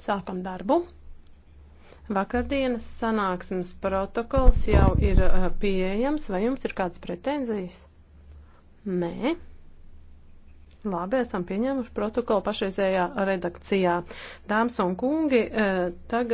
Sākam darbu. Vakardienas sanāksmes protokols jau ir eh, pieejams. Vai jums ir kādas pretenzijas? Nē. Labi, esam pieņēmuši protokolu pašreizējā redakcijā. Dāmas un kungi, eh, tagad.